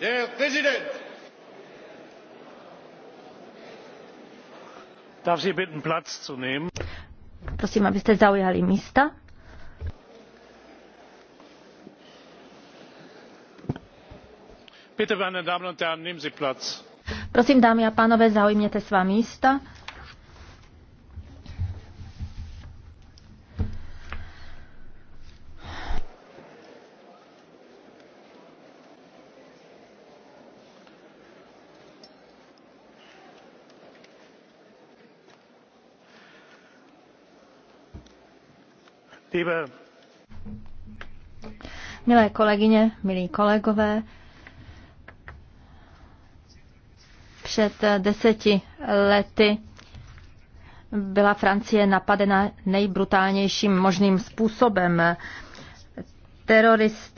Der Präsident! Darf Sie bitten, Platz zu nehmen? Prosím, abyste zaujali místa. Bitte, meine Damen und Herren, nehmen Sie Platz. Prosím, dámy a pánové, zaujměte svá místa. Milé kolegyně, milí kolegové, před deseti lety byla Francie napadena nejbrutálnějším možným způsobem. Teroristé